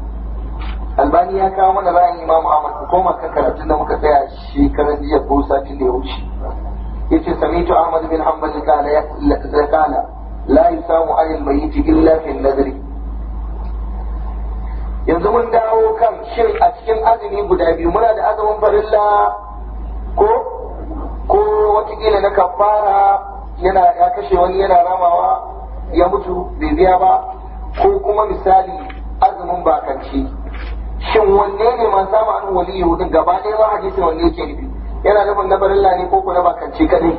Speaker 1: albani ya kawo mana ra'ayin imamu ahmad koma kan karatun da muka tsaya shekaran jiya ko satin da ya wuce yace samitu ahmad bin hanbal kana ya kana la yusamu ayil mayyit cikin fil nazari. yanzu mun dawo kan shin a cikin azumi guda biyu muna da azumin farilla ko ko watakila na kafara yana ya kashe wani yana ramawa ya mutu bai biya ba ko kuma misali azumin bakanci shin wanne ne man samu an waliyu din gaba ɗaya ba hadisin wanne yake nufi yana nufin na farilla ne ko na bakance kadai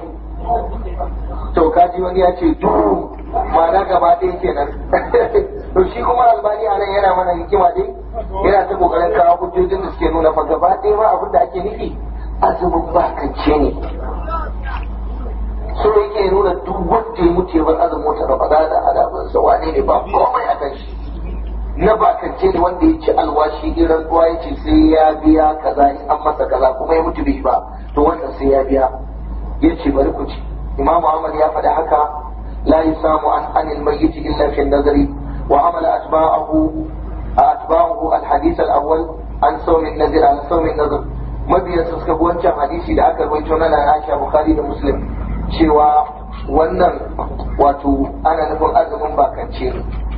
Speaker 1: to kaji wani ya ce duru ma'ana gaba ɗaya nan to shi kuma albani a nan yana mana hikima dai yana ta kokarin kawo hujjojin da suke nuna fa gaba ɗaya ba abin da ake nufi azumin bakance ne so yake nuna duk wanda ya mutu ya bar azumin wata da alamun sa wane ne ba komai a kan shi na bakance ne wanda ya ci alwashi irin ruwa ya ce sai ya biya kaza in an masa kaza kuma ya mutu bai ba to wannan sai ya biya ya ce bari ku ci imamu ahmad ya faɗi haka la yusamu an anil mayyit
Speaker 2: illa fi nazari wa amala atba'ahu atba'ahu al hadith al awwal
Speaker 1: an sawmi an an sawmi an nazar mabiyan su suka wancan hadisi da aka rawaito na Aisha Bukhari da Muslim cewa wannan wato ana nufin azumin bakance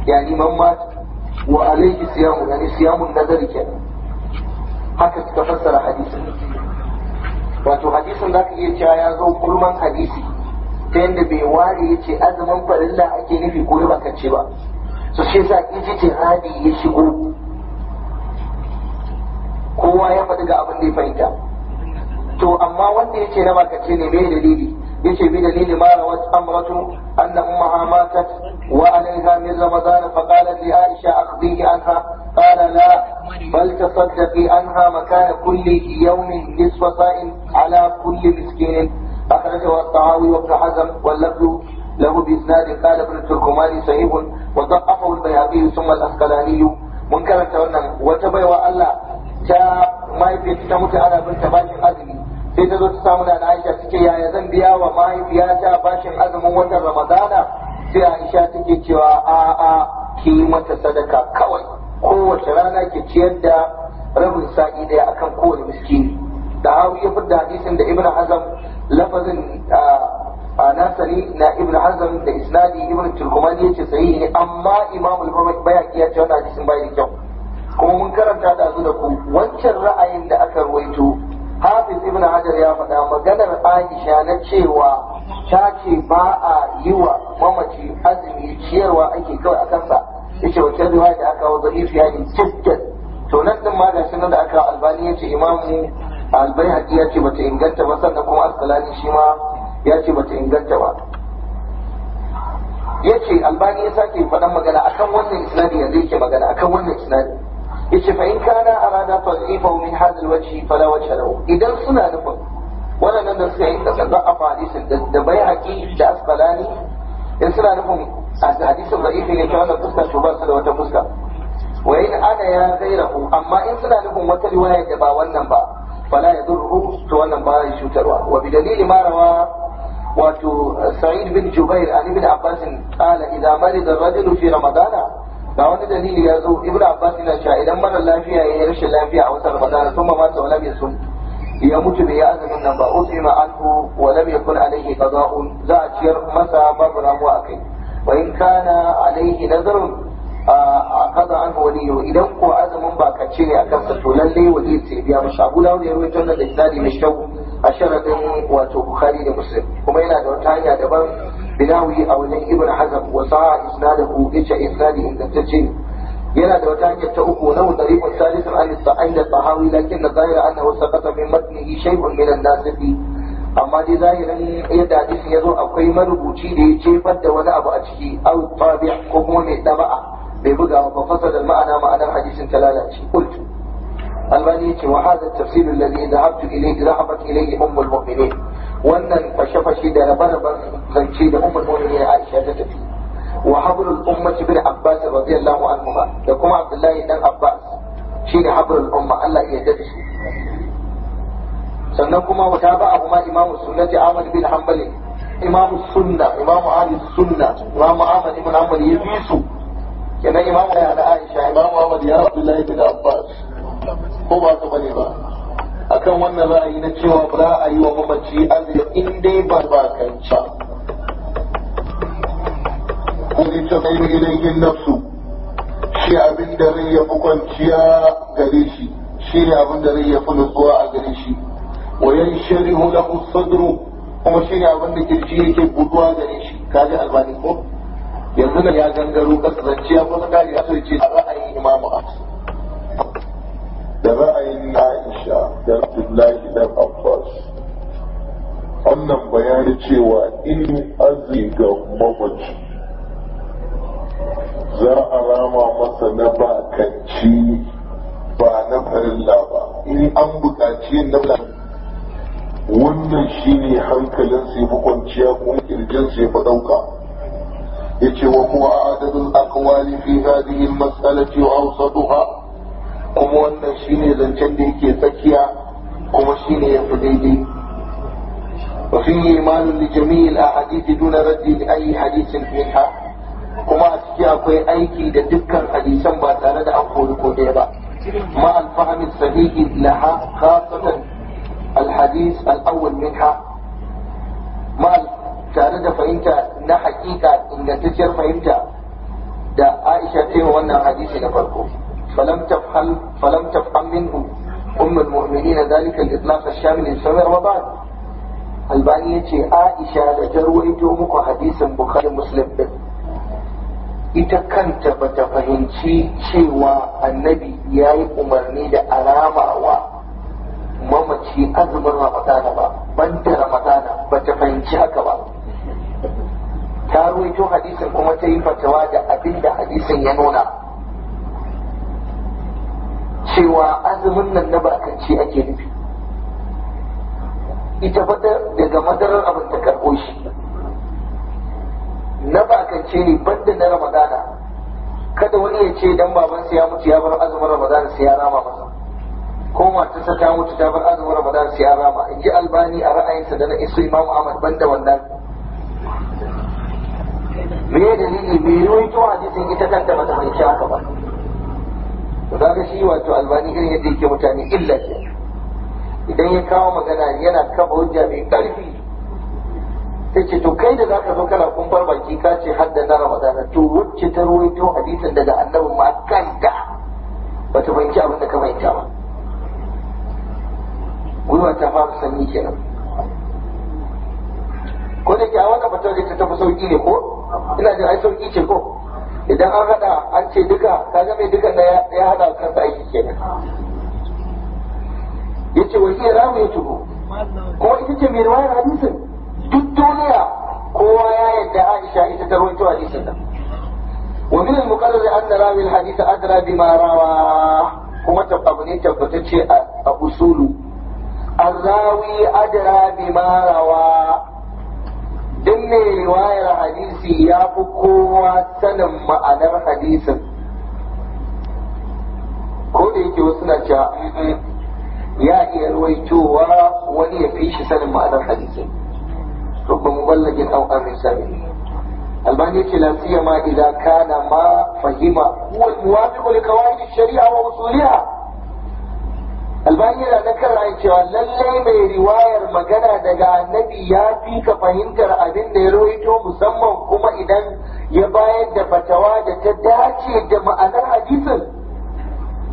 Speaker 1: yani mamma wa alayhi siyamu yani siyamun nazari ke haka suka fassara hadisin wato hadisin za ka iya cewa ya zo kurman hadisi ta yadda bai ware ya ce azumin farilla ake nufi ko ya bakance ba su shi sa hadi ya shigo kowa ya faɗi ga abin da ya fahimta to amma wanda ya ce na ce ne mai dalili ya ce bi dalili ma rawat amratu anna ummaha matat وعليها من رمضان فقالت لعائشة أخذيه عنها قال لا بل تصدقي عنها مكان كل يوم نصف صائم على كل مسكين أخرجه الطعاوي وابن حزم واللفظ له بإسناد قال ابن التركماني صحيح وضعفه البيهقي ثم الأسقلاني منكر تولى وتبوى الله تا ما يفيد تموت على بنت باجن أزمي sai ta zo ta samu da Aisha take yaya zan biya wa mahaifiyata bashin azumin watan Ramadana sai Aisha take cewa a a ki mata sadaka kawai kowace rana ke ciyar da rabin sa'i daya akan kowane miskini da hawi ya fidda hadisin da Ibn Hazm lafazin a nasari na Ibn Hazm da isnadi Ibn Turkumani yace sahihi ne amma Imam al-Bayhaqi ya ce wannan hadisin bai da kyau kuma mun karanta da su da ku wancan ra'ayin da aka ruwaito hafiz ibn hajar ya faɗa maganar aisha na cewa ta ce ba a yi wa mamaci azumi ciyarwa ake kawai a kansa ya ce wacce riwaya da aka wa zaifi ya ne cikin to nan din ma gashi nan da aka albani ya ce imamu albai haƙi ya ce bata inganta ba sannan kuma asalani shi ma ya ce bata inganta ba ya ce albani ya sake faɗan magana akan wannan isnadi yanzu yake magana akan wannan isnadi yace fa in kana arada tasrifahu min hadha alwajhi fala wajha lahu idan suna nufin wannan da suka yi tasadda a hadisin da bai haƙi da asbalani in suna nufin a hadisin da'ifi ne ta wannan fuska to ba su da wata fuska wa in ana ya gairahu amma in suna nufin wata riwaya da ba wannan ba fala yadurru to wannan ba ya cutarwa wa bi dalili ma rawa wato sa'id bin jubair an ibn abbas qala idza marida ar-rajulu fi ramadana ga wani dalili ya zo ibn abbas yana cewa idan mara lafiya ya yi rashin lafiya a watan ramadana sun ma wa lam sun ya mutu bai yi azumin nan ba ma anhu wa lam yakun alaihi qada'un za a ciyar masa babu ramuwa akai wa in kana alaihi nazarun a kaza an yau, idan ko azumin ba ka ce ne a kansa to lalle wani sai biya mu abu da ya rawaito da isnadi mai shau a sharadin wato bukhari da muslim kuma yana da wata hanya daban binawi a wajen ibn hazm wa sa'a isnadahu ita isnadi ingantacce yana da wata hanyar ta uku nahu tariqun salisun an sa'id al-tahawi lakin na zahira annahu saqata min matnihi shay'un min an-nasibi amma dai zahirin yadda hadisin ya zo akwai marubuci da ya jefar da wani abu a ciki au tabi ko kuma mai daba'a bai buga ba fasada ma'ana ma'anar hadisin ta lalace qultu albani yace wa hadha at-tafsir alladhi dhahabtu ilayhi dhahabat ilayhi ummul mu'minin wannan fashe-fashe da rabe-raben zance da Umar ummul mu'minin Aisha ta tafi wa hablul ummati bin Abbas radiyallahu anhu da kuma Abdullahi dan Abbas shi ne hablul umma Allah ya yarda da shi sannan kuma wata ba abu ma imamu sunnati Ahmad bin Hanbali imamu sunna imamu ahli sunna imamu Ahmad ibn Hanbali ya
Speaker 3: bi su kenan imamu ya da Aisha imamu Ahmad ya Abdullahi bin Abbas ko ba su bane ba akan wannan ra'ayi na cewa ba za a yi wa mamaci azumi in dai ba ba ko kuli ta mai ilayhin nafsu shi abin da rai ya fi kwanciya gare shi shi ne abin da rai ya fi nutsuwa a gare shi wayan sharihu lahu sadru kuma shi ne abin da kirji yake buduwa gare shi kaji albani ko yanzu ne ya gangaro kasanciya ko na kaji ya so ce a ra'ayin imamu da ra'ayin Aisha dan Abdullahi dan Abbas wannan bayani cewa in azi ga mamaci za a rama masa na bakanci ba na farilla ba in an buƙaci na wannan shi ne hankalinsa ya fi kwanciya kuma kirjinsa ya fi ɗauka ya ce wa kuwa adadin akwali fi hadihin matsalaci wa hausatuha kuma wannan ne zancen da yake tsakiya kuma ne ya fi daidai
Speaker 2: وفيه إيمان لجميع a ciki akwai aiki da فيها كما
Speaker 1: ba أكوي أيكي دكا حديثا باتانا دا أقول كوديبا مع الفهم الصحيح لها خاصة الحديث Al'awwal Minha. مع tare da fahimta na haƙiƙa ingantacciyar fahimta da Aisha ta yi wannan hadisi na farko. فلم تفعل فلم تفعل منهم أم المؤمنين ذلك الإطلاق الشامل للسمع وبعد الباني يتي عائشة لتروي تومك حديث بخاري مسلم ita kanta bata fahimci cewa annabi ya yi umarni da alamawa mamaci azumin ramadana ba banda ramadana bata fahimci haka ba ta ruwaito hadisin kuma ta yi fatawa da abin da hadisin ya nuna cewa azumin nan na bakance ake nufi ita fata daga madarar abin ta karɓo shi na bakance ne banda na ramadana kada wani ya ce dan babansa ya mutu ya bar azumin ramadana sai ya rama masa ko sa ta mutu ta bar azumin ramadana sai ya rama in ji albani a ra'ayinsa da na isu imamu ahmad banda wannan
Speaker 2: me dalili wani tuwa
Speaker 1: hadisin ita kanta bata mai haka ba Za kaga shi wato albani irin yadda yake mutane illa ke idan ya kawo magana yana kafa hujja mai karfi ta ce to kai da za ka zo kana kumfar baki ka ce haddana ramadana to wacce ta ruwaito hadisin daga annabin ma kanta ta fahimci abin da ka fahimta ba gwiwa ta fara sanyi kenan ko da ke a wannan fatawar ta tafi sauki ne ko ina jin ai sauki ce ko idan an hada an ce duka kaga mai duka da ya hada kansa aiki kenan yace wa ya tuhu. ko ita ce mai riwayar hadisin duk duniya kowa ya yadda Aisha ita ta rawaito hadisin nan wa min al-muqarrar an rawi al-hadith adra bima rawa kuma abu ne tabbatacce a usulu الراوي أدرى بما marawa. duk mai riwayar hadisi ya fi kowa sanin ma'anar hadisin ko da yake wasu na cewa ya iya ruwaitowa wani ya fi shi sanin ma'anar hadisin rubba muballagin au amin sabi albani ce lafiya ma idan kana ma fahima huwa muwafiqu li sharia wa usuliha albani yana kan rai cewa lallai mai riwayar magana daga annabi ya fi ka fahimtar abin da ya rawaito musamman kuma idan ya bayar da fatawa da ta dace da ma'anar hadisin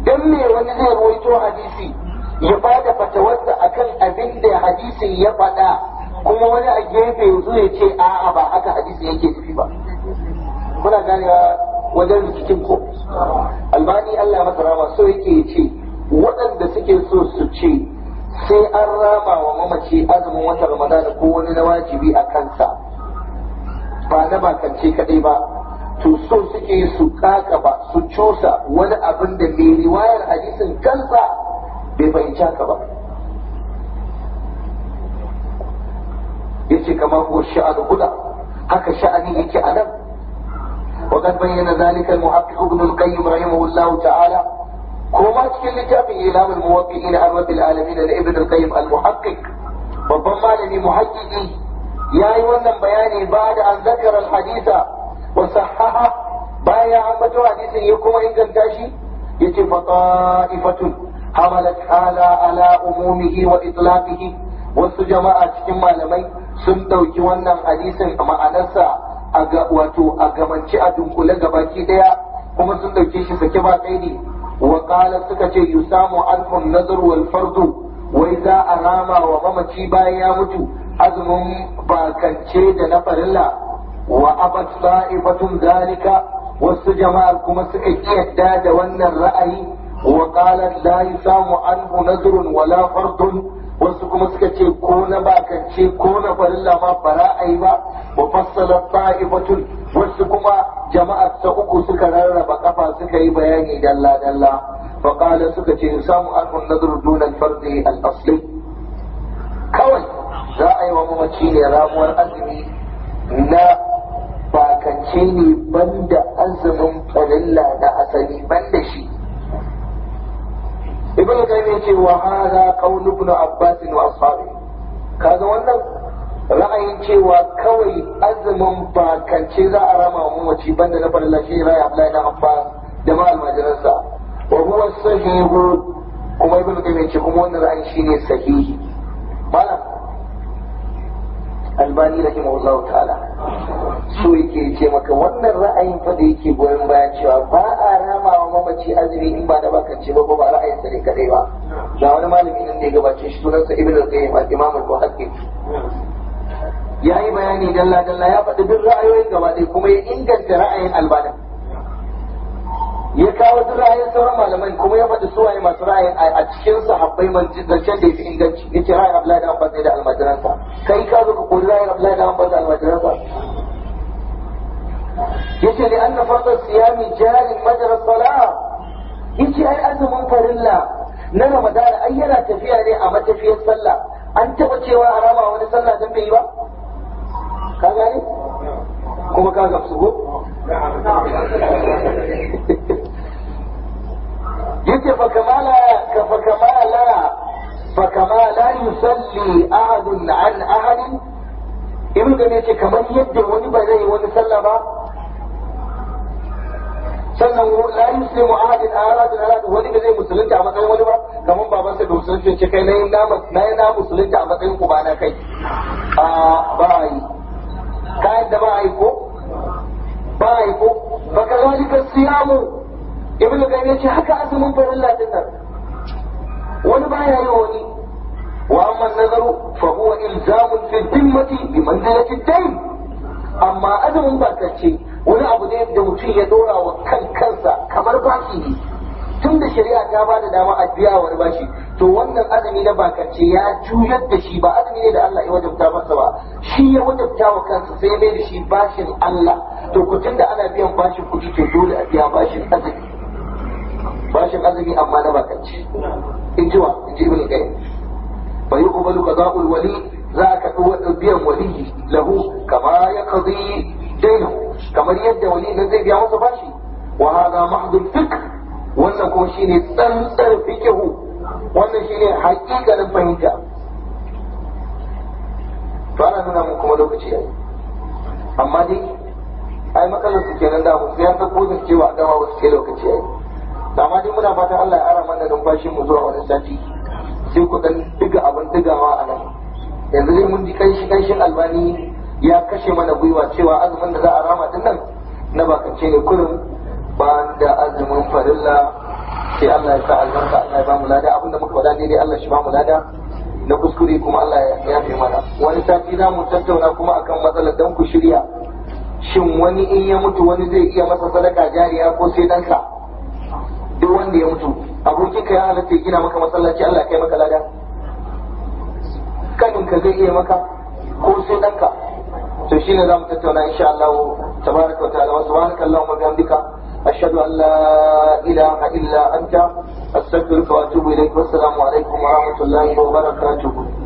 Speaker 1: dan me wani zai rawaito hadisi ya ba da fatawarsa akan abin da hadisin ya faɗa kuma wani a gefe yanzu ya ce a'a ba haka hadisi yake tafi ba muna ganewa wajen rikicin ko albani Allah masa rama so yake ce waɗanda suke so su ce sai an ramawa wa mamaci azumin watan ramadana ko wani na wajibi a kansa ba na bakance kaɗai ba to so suke su kaka ba su cusa wani abin da mai riwayar hadisin kansa bai fahimci haka ba yace kamar ko sha'ar huda haka sha'ani yake a nan bayyana بين ذلك المحقق ابن القيم رحمه الله تعالى كما cikin littafin ilamul muwaqqi'in an rabbil alamin da na al-qayyim al-muhaqqiq babban malami ya yi wannan bayani ba da an zakara al-haditha wa bayan ya ambato hadisin ya kuma inganta shi yace fa ta'ifatun hamalat hala ala umumihi wa itlaqihi wasu jama'a cikin malamai sun ɗauki wannan hadisin ma'anarsa wato a gabanci a dunkule gabaki ɗaya, kuma sun ɗauki shi sake ba kai ne wa suka ce yusamu alfun nazar wal wai za a rama wa mamaci bayan mutu azumin bakance da na farilla wa abat sa'ibatun zalika wasu jama'ar kuma suka yadda da wannan ra'ayi wa qala yi yusamu anhu nazrun wala fardun wasu kuma suka ce ko na bakance ko na farilla ma bara a yi ba wa fassala ta'ifatun wasu kuma jama'a ta uku suka rarraba kafa suka yi bayani dalla dalla fa qala suka ce samu an nadru duna fardi al kawai za a yi wa mamaci ne ramuwar azumi na bakance ne banda azumin farilla na asali banda shi ibn qayyim ce wa hada qaul ibn abbas wa ashabi kaga wannan ra'ayin cewa kawai azumin bakance za a rama mu wace banda na farilla shi ra'ayi Abdullahi dan Abbas da ma almajiransa wa huwa sahihu kuma ibn qayyim ce kuma wannan ra'ayin shine sahihi malam albani rahimahullahu ta'ala so yake ce maka wannan ra'ayin fa da yake goyon baya cewa ba a ramawa mamaci azumi in ba da baka ce ba ba ra'ayin sa ne kadai ba ga wani malami nan da ya gabace shi sunansa ibn al-qayyim al-imam al-muhaddith ya yi bayani dalla dalla ya faɗi duk ra'ayoyin gaba ɗaya kuma ya inganta ra'ayin albada ya kawo duk ra'ayin sauran malaman kuma ya faɗi suwaye masu ra'ayin a cikin sahabbai man zancen da ya fi inganci ya ce ra'ayin abdullahi da abbas ne da almajiransa kai ka zo ka kori ra'ayin abdullahi da abbas da almajiransa yace da anna fardar siyami jarin majalar sala yace ai azumin la na ramadana ai yana tafiya ne a matafiyar sallah an taba cewa a wani sallah dan bai yi ba ka gane kuma ka gamsu ko yace fa kamala ka fa kamala fa kamala yusalli ahadun an ahadin ibnu gane yace kamar yadda wani ba zai yi wani sallah ba sannan la yuslimu ahadin ahadin ahadin wani da zai musulunta a matsayin wani ba kamar baban sa da musulunci ce kai na yi na musulunta a matsayin ku ba na kai a ba a yi ka yadda ba a yi ko ba a yi ko ba ka zama ka siyamu ibnu kai ne ce haka azumin farin latin nan wani ba ya yi wani wa amma nazaru fa huwa ilzamun fi dimmati bi manzilati dain amma azumin ba ka ce. wani abu ne da mutum ya dora wa kan kansa kamar baki ne tun da shari'a ta ba da dama a biya wani bashi to wannan azumi na bakance ya juyar da shi ba azumi ne da Allah ya wajabta masa ba shi ya wajabta wa kansa sai mai da shi bashin Allah to ku da ana biyan bashin kuɗi to dole a biya bashin azumi bashin azumi amma na bakance in ji wa in ji ibn qayyim fa yuqbalu qada'ul wali za ka biyan waliyi lahu kama yaqdi daina kamar yadda wani idan zai biya masa bashi wa hada mahdul fiqh wannan kuma shine tsantsar fikihu wannan shine hakikanin fahimta to ana nuna mu kuma lokaci yayi amma dai ai matsalar su kenan da sai ya sako da cewa da ba wasu ke lokaci yayi amma dai muna fatan Allah ya ara mana numfashin mu zuwa wani sati sai ku dan diga abin digawa a nan yanzu dai mun ji kanshi kanshin albani ya kashe mana gwiwa cewa azumin da za a rama din nan na bakance ne kullum ba da azumin farilla sai Allah ya sa albarka Allah ya ba mu lada abinda muka faɗa daidai Allah shi ba mu lada na kuskure kuma Allah ya yafe mana wani sati za mu tattauna kuma akan matsalar dan ku shirya shin wani in ya mutu wani zai iya masa sadaka jariya ko sai dansa duk wanda ya mutu abokinka ya halatta gina maka masallaci Allah kai maka lada kaninka zai iya maka ko sai danka to shine mu tattauna insha Allah tabaraka wa ta'ala baraka subhanaka allahumma bihamdika ashhadu an la ilaha illa anta astaghfiruka wa atubu wa
Speaker 2: wassalamu alaikum wa rahmatullahi wa barakatuh